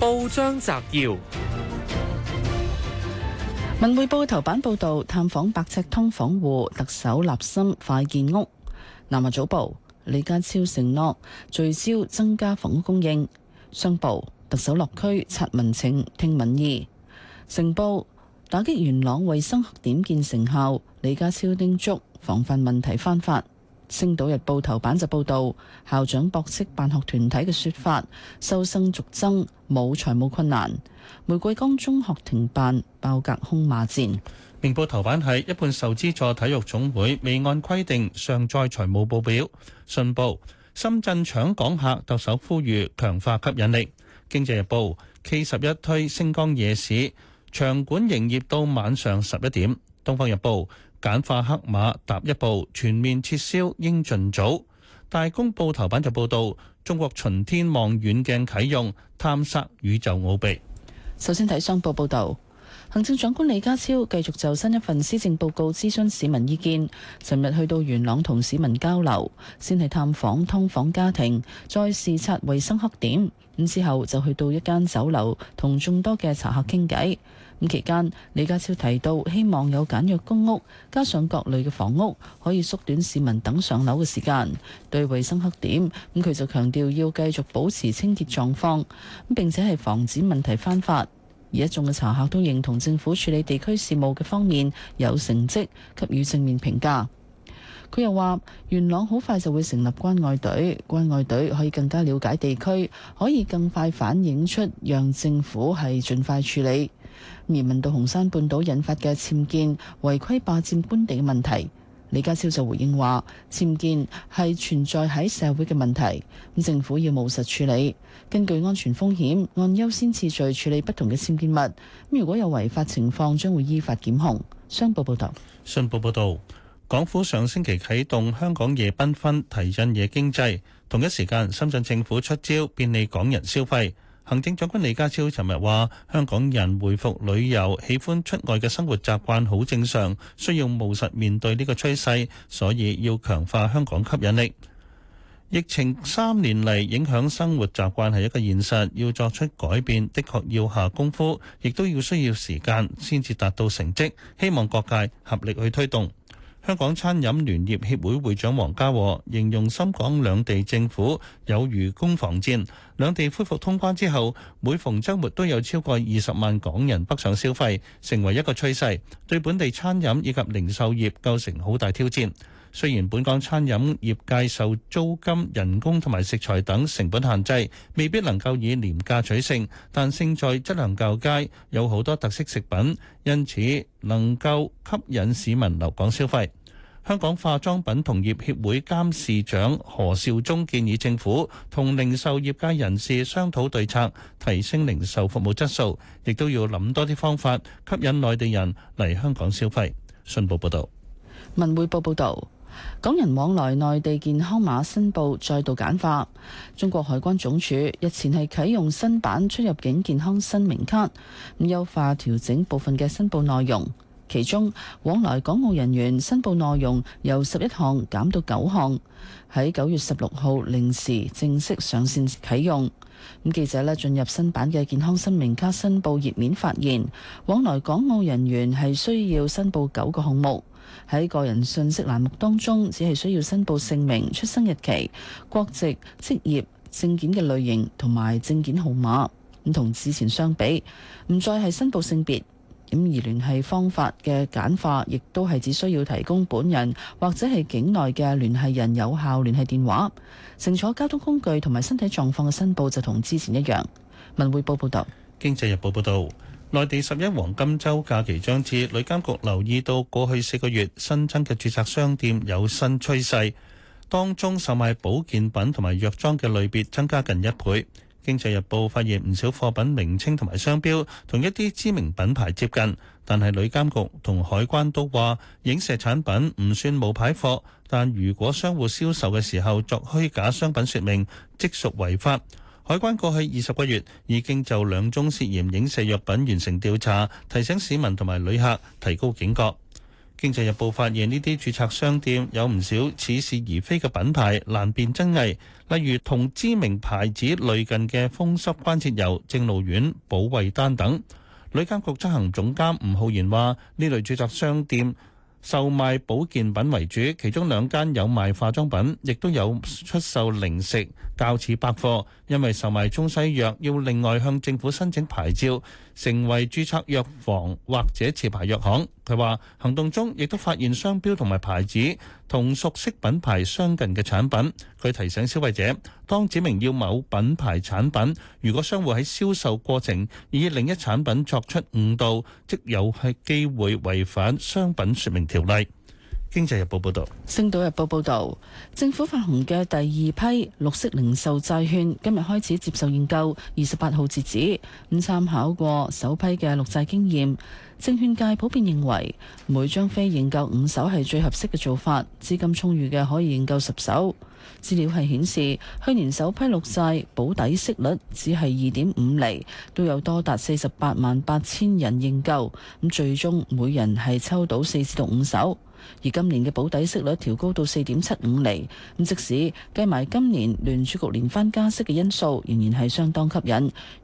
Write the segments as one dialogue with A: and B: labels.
A: 報章摘要：《文匯報》頭版報道探訪百尺通房戶，特首立心快建屋；《南華早報》李家超承諾聚焦增加房屋供應；《商報》特首落區察民情聽民意；《成報》打擊元朗衛生黑點見成效，李家超叮囑防範問題翻發。《星島日報》頭版就報道校長駁斥辦學團體嘅說法，收生續增，冇財務困難。玫瑰崗中學停辦，爆隔空罵戰。《明報》頭
B: 版係一半受資助體育總會未按規定上載財務報表。《信報》深圳搶港客，特首呼籲強化吸引力。《經濟日報》K 十一推星光夜市，場館營業到晚上十一點。《東方日報》簡化黑馬踏一步，全面撤銷應盡早。大公報頭版就報導，中國巡天望遠鏡啟用，探索宇宙奧秘。
A: 首先睇商報報導，行政長官李家超繼續就新一份施政報告諮詢市民意見。尋日去到元朗同市民交流，先係探訪通訪家庭，再視察衞生黑點。咁之後就去到一間酒樓，同眾多嘅茶客傾偈。咁期間，李家超提到希望有簡約公屋，加上各類嘅房屋，可以縮短市民等上樓嘅時間。對衞生黑點，咁佢就強調要繼續保持清潔狀況，咁並且係防止問題翻發。而一眾嘅茶客都認同政府處理地區事務嘅方面有成績，給予正面評價。佢又話：元朗好快就會成立關愛隊，關愛隊可以更加了解地區，可以更快反映出，讓政府係盡快處理。而問到紅山半島引發嘅僭建、違規霸佔官地嘅問題，李家超就回應話：僭建係存在喺社會嘅問題，政府要務實處理，根據安全風險，按優先次序處理不同嘅僭建物。如果有違法情況，將會依法檢控。商報報道，
B: 信報報導，港府上星期啟動香港夜繽紛，提振夜經濟。同一時間，深圳政府出招，便利港人消費。行政長官李家超尋日話：香港人回復旅遊、喜歡出外嘅生活習慣好正常，需要務實面對呢個趨勢，所以要強化香港吸引力。疫情三年嚟影響生活習慣係一個現實，要作出改變，的確要下功夫，亦都要需要時間先至達到成績。希望各界合力去推動。香港餐飲聯業協會會長黃家和形容深港兩地政府有如攻防戰。兩地恢復通關之後，每逢周末都有超過二十萬港人北上消費，成為一個趨勢，對本地餐飲以及零售業構成好大挑戰。雖然本港餐飲業界受租金、人工同埋食材等成本限制，未必能夠以廉價取勝，但勝在質量較佳，有好多特色食品，因此能夠吸引市民留港消費。香港化妝品同業協會監事長何少忠建議政府同零售業界人士商討對策，提升零售服務質素，亦都要諗多啲方法吸引內地人嚟香港消費。信報報導，
A: 文匯報報道：港人往來內地健康碼申報再度簡化。中國海關總署日前係啟用新版出入境健康申明卡，咁優化調整部分嘅申報內容。其中往來港澳人員申報內容由十一項減到九項，喺九月十六號零時正式上線啟用。咁記者呢，進入新版嘅健康申明卡申報頁面，發現往來港澳人員係需要申報九個項目。喺個人信息欄目當中，只係需要申報姓名、出生日期、國籍、職業、證件嘅類型同埋證件號碼。咁同之前相比，唔再係申報性別。咁而聯繫方法嘅簡化，亦都係只需要提供本人或者係境內嘅聯繫人有效聯繫電話。乘坐交通工具同埋身體狀況嘅申報就同之前一樣。文匯報報道。
B: 經濟日報報道，內地十一黃金週假期將至，旅監局留意到過去四個月新增嘅註冊商店有新趨勢，當中售賣保健品同埋藥妝嘅類別增加近一倍。《經濟日報》發現唔少貨品名稱同埋商標同一啲知名品牌接近，但係旅監局同海關都話，影射產品唔算冒牌貨，但如果商戶銷售嘅時候作虛假商品説明，即屬違法。海關過去二十個月已經就兩宗涉嫌影射藥品完成調查，提醒市民同埋旅客提高警覺。經濟日報發現，呢啲註冊商店有唔少似是而非嘅品牌，難辨真偽。例如同知名牌子類近嘅風濕關節油、正路丸、保衛丹等。旅監局執行總監吳浩然話：呢類註冊商店售賣保健品為主，其中兩間有賣化妝品，亦都有出售零食，較似百貨。因為售賣中西藥要另外向政府申請牌照。成為註冊藥房或者持牌藥行。佢話行動中亦都發現商標同埋牌子同熟悉品牌相近嘅產品。佢提醒消費者，當指明要某品牌產品，如果商戶喺銷售過程以另一產品作出誤導，即有係機會違反商品説明條例。經濟日報報道，
A: 星島日報報道，政府發行嘅第二批綠色零售債券今日開始接受認購，二十八號截止。咁參考過首批嘅綠債經驗，證券界普遍認為每張飛認購五手係最合適嘅做法。資金充裕嘅可以認購十手。資料係顯示，去年首批綠債保底息率只係二點五厘，都有多達四十八萬八千人認購。咁最終每人係抽到四至到五手。而今年嘅保底息率調高到四點七五厘，咁即使計埋今年聯儲局連番加息嘅因素，仍然係相當吸引。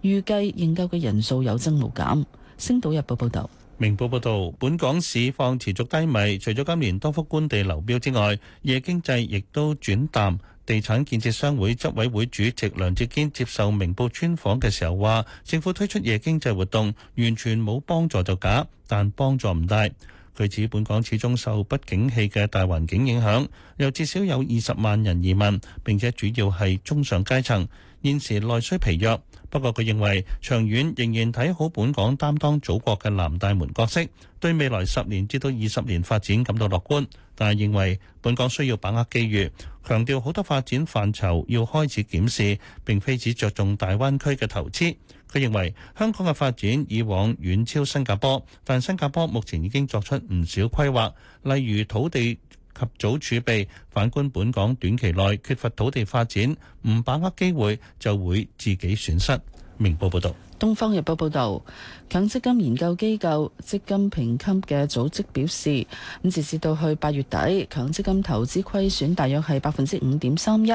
A: 預計認購嘅人數有增無減。星島日報報道，
B: 明報報道，本港市況持續低迷，除咗今年多幅官地流標之外，夜經濟亦都轉淡。地產建設商會執委會主席梁志堅接受明報專訪嘅時候話，政府推出夜經濟活動完全冇幫助就假，但幫助唔大。據指本港始終受不景氣嘅大環境影響，又至少有二十萬人移民，並且主要係中上階層。現時內需疲弱，不過佢認為長遠仍然睇好本港擔當祖國嘅南大門角色，對未來十年至到二十年發展感到樂觀。但係認為本港需要把握機遇，強調好多發展範疇要開始檢視，並非只著重大灣區嘅投資。佢認為香港嘅發展以往遠超新加坡，但新加坡目前已經作出唔少規劃，例如土地及早儲備。反觀本港短期內缺乏土地發展，唔把握機會就會自己損失。明報報導。
A: 《東方日報》報導，強積金研究機構積金評級嘅組織表示，咁截至到去八月底，強積金投資虧損大約係百分之五點三一，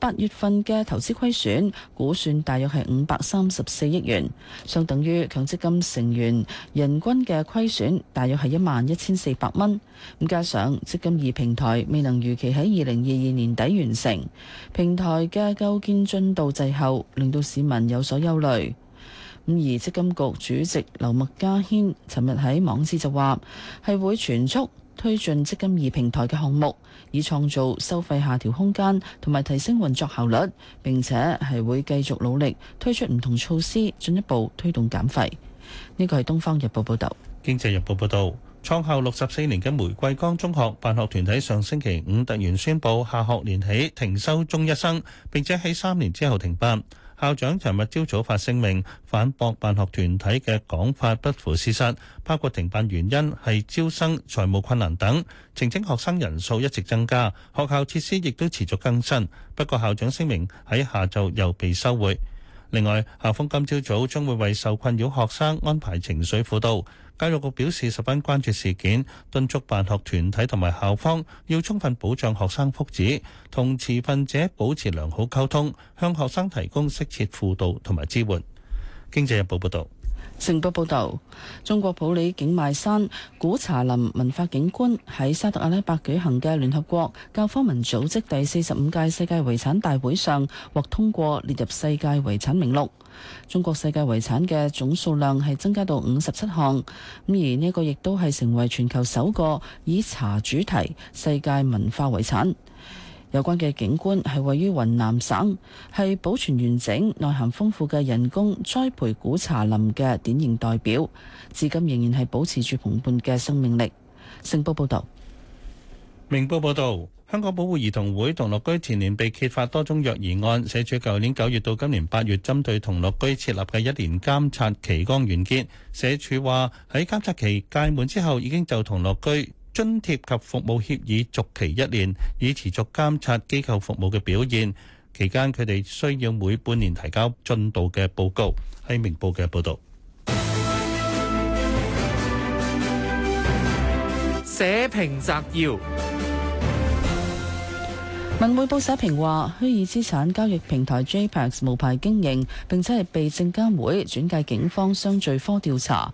A: 八月份嘅投資虧損估算大約係五百三十四億元，相等於強積金成員人均嘅虧損大約係一萬一千四百蚊。咁加上積金二平台未能預期喺二零二二年底完成，平台嘅構建進度滯後，令到市民有所憂慮。咁而積金局主席劉麥嘉軒尋日喺網誌就話，係會全速推進積金二平台嘅項目，以創造收費下調空間同埋提升運作效率，並且係會繼續努力推出唔同措施，進一步推動減費。呢個係《東方日報》報道，
B: 《經濟日報》報道，創校六十四年嘅玫瑰崗中學辦學團體上星期五突然宣布，下學年起停收中一生，並且喺三年之後停辦。校長尋日朝早發聲明反駁辦學團體嘅講法不符事實，包括停辦原因係招生、財務困難等，澄清學生人數一直增加，學校設施亦都持續更新。不過校長聲明喺下晝又被收回。另外，校方今朝早將會為受困擾學生安排情緒輔導。教育局表示十分關注事件，敦促辦學團體同埋校方要充分保障學生福祉，同持份者保持良好溝通，向學生提供適切輔導同埋支援。經濟日報報道。
A: 成報報道，中國普洱景邁山古茶林文化景觀喺沙特阿拉伯舉行嘅聯合國教科文組織第四十五屆世界遺產大會上獲通過，列入世界遺產名錄。中國世界遺產嘅總數量係增加到五十七項，咁而呢個亦都係成為全球首個以茶主題世界文化遺產。有關嘅景觀係位於雲南省，係保存完整、內涵豐富嘅人工栽培古茶林嘅典型代表，至今仍然係保持住蓬勃嘅生命力。星報報道：
B: 「明報報道，香港保護兒童會同樂居前年被揭發多宗虐兒案，社署舊年九月到今年八月針對同樂居設立嘅一年監察期剛完結，社署話喺監察期屆滿之後，已經就同樂居津貼及服務協議續期一年，以持續監察機構服務嘅表現。期間，佢哋需要每半年提交進度嘅報告。喺明報嘅
A: 報道。社評摘要：文匯報社評話，虛擬資產交易平台 JPEX 無牌經營，並且係被證監會轉介警方商罪科調查。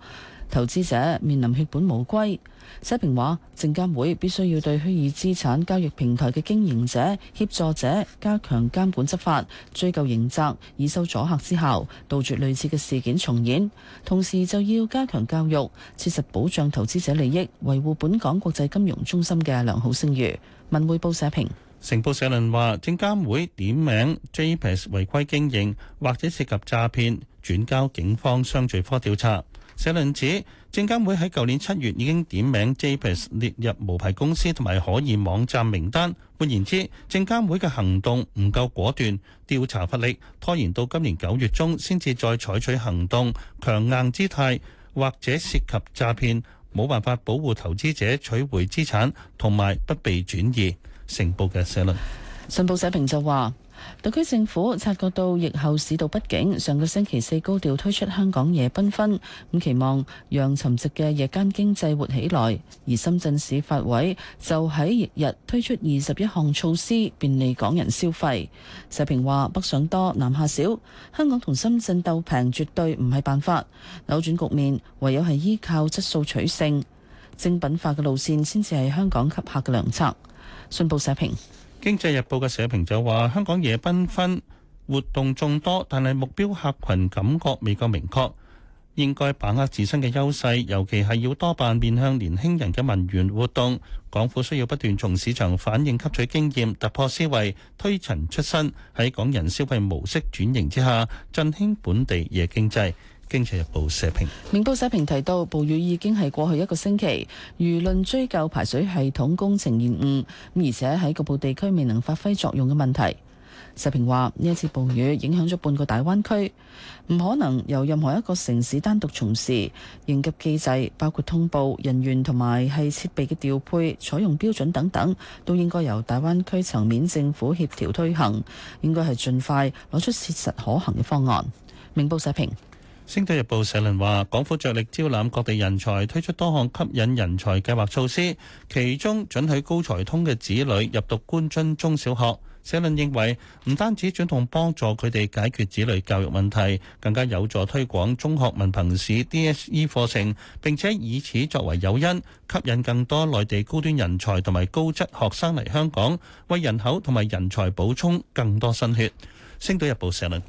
A: 投資者面臨血本無歸，社評話：證監會必須要對虛擬資產交易平台嘅經營者、協助者加強監管執法，追究刑責，以收阻嚇之效，杜絕類似嘅事件重演。同時就要加強教育，切實保障投資者利益，維護本港國際金融中心嘅良好聲譽。文匯報社評。
B: 成報社論話：證監會點名 JPEX 違規經營或者涉及詐騙，轉交警方商罪科調查。社論指證監會喺舊年七月已經點名 JPEX 列入無牌公司同埋可疑網站名單。換言之，證監會嘅行動唔夠果斷，調查乏力，拖延到今年九月中先至再採取行動，強硬姿態或者涉及詐騙，冇辦法保護投資者取回資產同埋不被轉移。成報嘅社論，
A: 信報社評就話。特區政府察覺到疫後市道不景，上個星期四高調推出香港夜繽紛，咁期望讓沉寂嘅夜間經濟活起來。而深圳市發委就喺翌日，日推出二十一項措施，便利港人消費。社評話：北上多，南下少，香港同深圳鬥平絕對唔係辦法，扭轉局面唯有係依靠質素取勝，精品化嘅路線先至係香港吸客嘅良策。信報社評。
B: 經濟日報嘅社評就話：香港夜繽紛活動眾多，但係目標客群感覺未夠明確，應該把握自身嘅優勢，尤其係要多辦面向年輕人嘅文娛活動。港府需要不斷從市場反應吸取經驗，突破思維，推陳出新。喺港人消費模式轉型之下，振興本地夜經濟。《經濟日報》社評。
A: 明報社評提到，暴雨已經係過去一個星期，輿論追究排水系統工程延誤，而且喺局部地區未能發揮作用嘅問題。社評話：呢一次暴雨影響咗半個大灣區，唔可能由任何一個城市單獨從事應急機制，包括通報人員同埋係設備嘅調配，採用標準等等，都應該由大灣區層面政府協調推行。應該係盡快攞出切實可行嘅方案。明報社評。星島
B: 日報社論話，港府着力招攬各地人才，推出多項吸引人才計劃措施，其中准許高才通嘅子女入讀官津中小學。社論認為，唔單止主動幫助佢哋解決子女教育問題，更加有助推廣中學文憑試 DSE 課程，並且以此作為誘因，吸引更多內地高端人才同埋高質學生嚟香港，為人口同埋人才補充更多新血。星島日報社論。